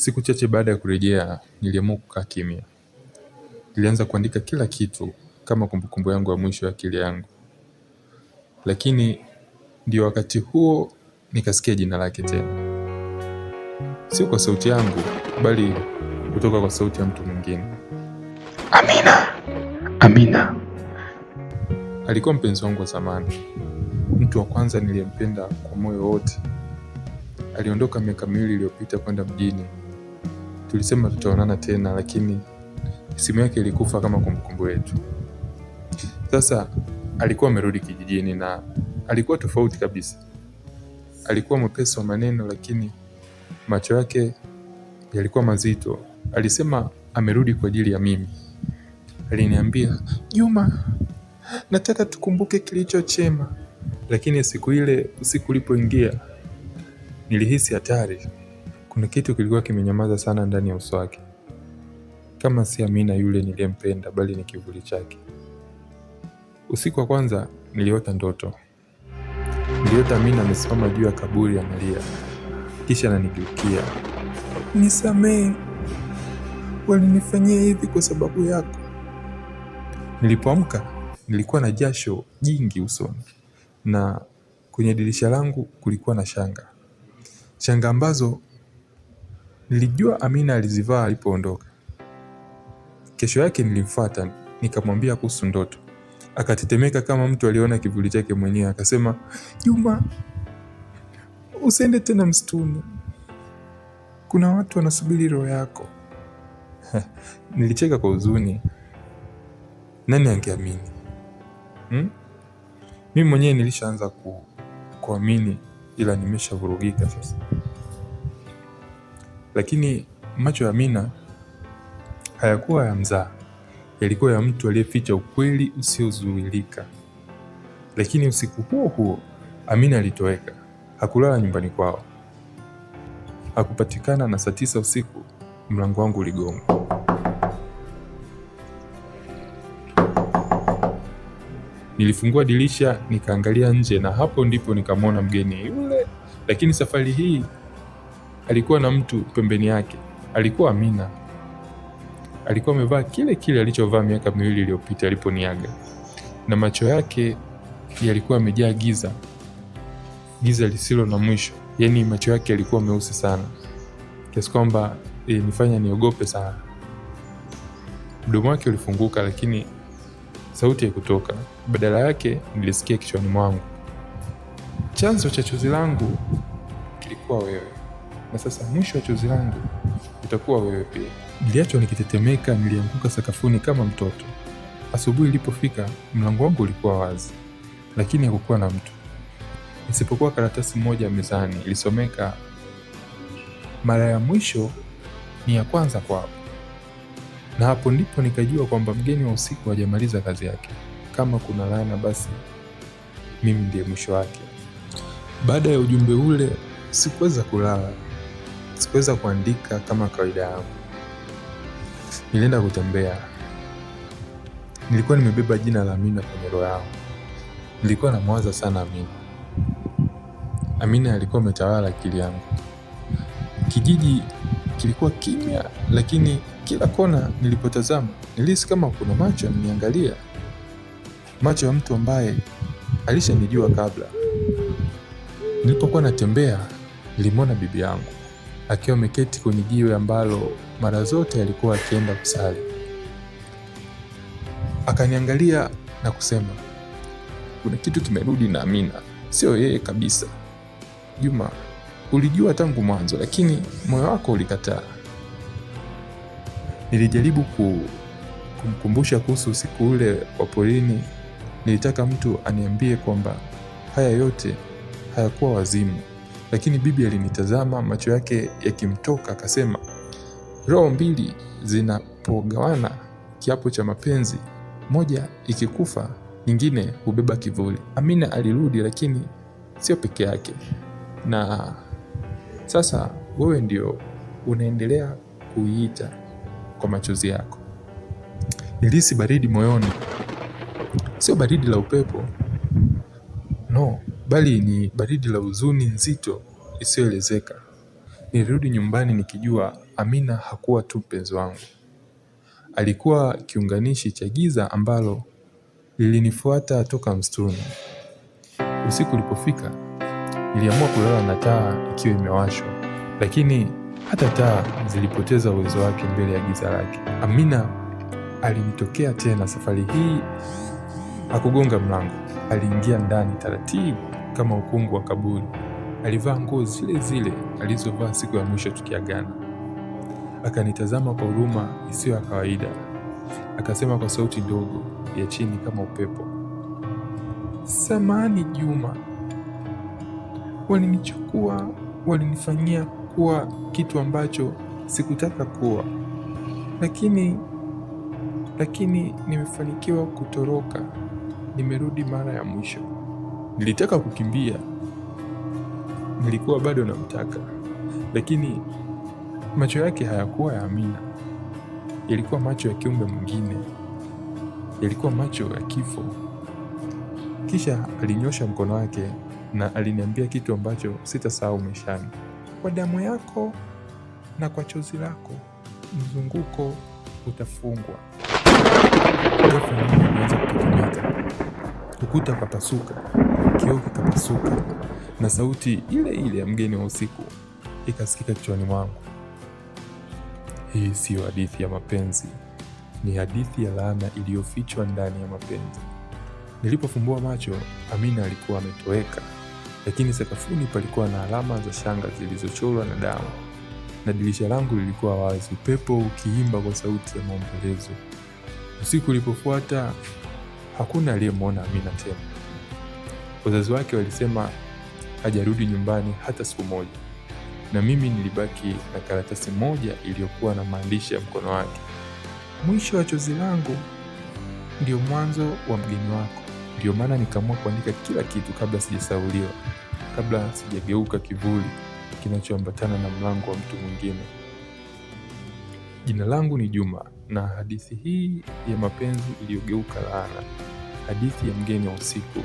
Siku chache baada ya kurejea, niliamua kukaa kimya. Nilianza kuandika kila kitu kama kumbukumbu yangu ya mwisho ya akili yangu. Lakini ndio wakati huo nikasikia jina lake tena. Sio kwa sauti yangu, bali kutoka kwa sauti ya mtu mwingine. Amina, Amina. Alikuwa mpenzi wangu wa zamani, mtu wa kwanza niliyempenda kwa moyo wote. Aliondoka miaka miwili iliyopita kwenda mjini Tulisema tutaonana tena, lakini simu yake ilikufa kama kumbukumbu yetu. Sasa alikuwa amerudi kijijini na alikuwa tofauti kabisa. Alikuwa mwepesi wa maneno, lakini macho yake yalikuwa mazito. Alisema amerudi kwa ajili ya mimi. Aliniambia, Juma, nataka tukumbuke kilicho chema. Lakini siku ile usiku ulipoingia, nilihisi hatari. Kuna kitu kilikuwa kimenyamaza sana ndani ya uso wake, kama si Amina yule niliyempenda, bali ni kivuli chake. Usiku wa kwanza niliota ndoto, niliota Amina amesimama juu ya kaburi analia, kisha ananigeukia, nisamee walinifanyia hivi kwa sababu yako. Nilipoamka nilikuwa na jasho jingi usoni na kwenye dirisha langu kulikuwa na shanga, shanga ambazo Nilijua Amina alizivaa alipoondoka. Kesho yake nilimfuata, nikamwambia kuhusu ndoto. Akatetemeka kama mtu aliona kivuli chake mwenyewe, akasema, Juma, usiende tena msituni, kuna watu wanasubiri roho yako. Nilicheka kwa huzuni. Nani angeamini hmm? Mimi mwenyewe nilishaanza ku, kuamini ila nimeshavurugika sasa. Lakini macho ya Amina hayakuwa ya mzaa yalikuwa ya mtu aliyeficha ukweli usiozuilika. Lakini usiku huo huo Amina alitoweka. Hakulala nyumbani kwao, hakupatikana, na saa tisa usiku mlango wangu uligonga. Nilifungua dirisha nikaangalia nje, na hapo ndipo nikamwona mgeni yule, lakini safari hii alikuwa na mtu pembeni yake, alikuwa Amina. Alikuwa amevaa kile kile alichovaa miaka miwili iliyopita aliponiaga, na macho yake yalikuwa yamejaa giza, giza lisilo na mwisho. Yaani macho yake yalikuwa meusi sana kiasi kwamba eh, ilinifanya e, niogope sana. Mdomo wake ulifunguka, lakini sauti haikutoka. Badala yake nilisikia kichwani mwangu, chanzo cha chozi langu kilikuwa wewe na sasa mwisho wa chozi langu itakuwa wewe pia. Niliachwa nikitetemeka, nilianguka sakafuni kama mtoto. Asubuhi ilipofika, mlango wangu ulikuwa wazi, lakini hakukuwa na mtu isipokuwa karatasi moja mezani. Ilisomeka, mara ya mwisho ni ya kwanza kwao. Na hapo ndipo nikajua kwamba mgeni wa usiku hajamaliza kazi yake. Kama kuna laana, basi mimi ndiye mwisho wake. Baada ya ujumbe ule sikuweza kulala. Sikuweza kuandika kama kawaida yangu, nilienda kutembea. Nilikuwa nimebeba jina la Amina kwenye roho yangu, nilikuwa namwaza sana Amina. Amina alikuwa ametawala akili yangu. Kijiji kilikuwa kimya, lakini kila kona nilipotazama nilihisi kama kuna macho yananiangalia, macho ya mtu ambaye alishanijua kabla. Nilipokuwa natembea nilimwona bibi yangu akiwa ameketi kwenye jiwe ambalo mara zote alikuwa akienda kusali. Akaniangalia na kusema, kuna kitu kimerudi na Amina, sio yeye kabisa. Juma, ulijua tangu mwanzo, lakini moyo wako ulikataa. Nilijaribu kumkumbusha kuhusu usiku ule wa porini. Nilitaka mtu aniambie kwamba haya yote hayakuwa wazimu, lakini bibi alinitazama, macho yake yakimtoka, akasema, roho mbili zinapogawana kiapo cha mapenzi, moja ikikufa nyingine hubeba kivuli. Amina alirudi, lakini sio peke yake. Na sasa wewe ndio unaendelea kuiita kwa machozi yako. Nilihisi baridi moyoni, sio baridi la upepo, no, bali ni baridi la huzuni nzito isiyoelezeka. Nilirudi nyumbani nikijua Amina hakuwa tu mpenzi wangu. Alikuwa kiunganishi cha giza ambalo lilinifuata toka msituni. Usiku ulipofika, niliamua kulala na taa ikiwa imewashwa, lakini hata taa zilipoteza uwezo wake mbele ya giza lake. Amina alinitokea tena. Safari hii hakugonga mlango, aliingia ndani taratibu kama ukungu wa kaburi. Alivaa nguo zile zile alizovaa siku ya mwisho tukiagana. Akanitazama kwa huruma isiyo ya kawaida, akasema kwa sauti ndogo ya chini kama upepo, samani Juma, walinichukua, walinifanyia kuwa kitu ambacho sikutaka kuwa, lakini lakini nimefanikiwa kutoroka, nimerudi mara ya mwisho. Nilitaka kukimbia, nilikuwa bado namtaka, lakini macho yake hayakuwa ya Amina, yalikuwa macho ya kiumbe mwingine, yalikuwa macho ya kifo. Kisha alinyosha mkono wake na aliniambia kitu ambacho sitasahau maishani. Kwa damu yako na kwa chozi lako mzunguko utafungwa. Ghafla ulianza kutetemeka, ukuta ukapasuka. Kioo kikapasuka na sauti ile ile ya mgeni wa usiku ikasikika kichwani mwangu. Hii siyo hadithi ya mapenzi, ni hadithi ya laana iliyofichwa ndani ya mapenzi. Nilipofumbua macho, Amina alikuwa ametoweka, lakini sakafuni palikuwa na alama za shanga zilizochorwa na damu, na dirisha langu lilikuwa wazi, upepo ukiimba kwa sauti ya maombolezo. Usiku ulipofuata, hakuna aliyemwona Amina tena. Wazazi wake walisema hajarudi nyumbani hata siku moja, na mimi nilibaki na karatasi moja iliyokuwa na maandishi ya mkono wake: mwisho wa chozi langu ndio mwanzo wa mgeni wako. Ndio maana nikaamua kuandika kila kitu kabla sijasauliwa, kabla sijageuka kivuli kinachoambatana na mlango wa mtu mwingine. Jina langu ni Juma, na hadithi hii ya mapenzi iliyogeuka laana, hadithi ya mgeni wa usiku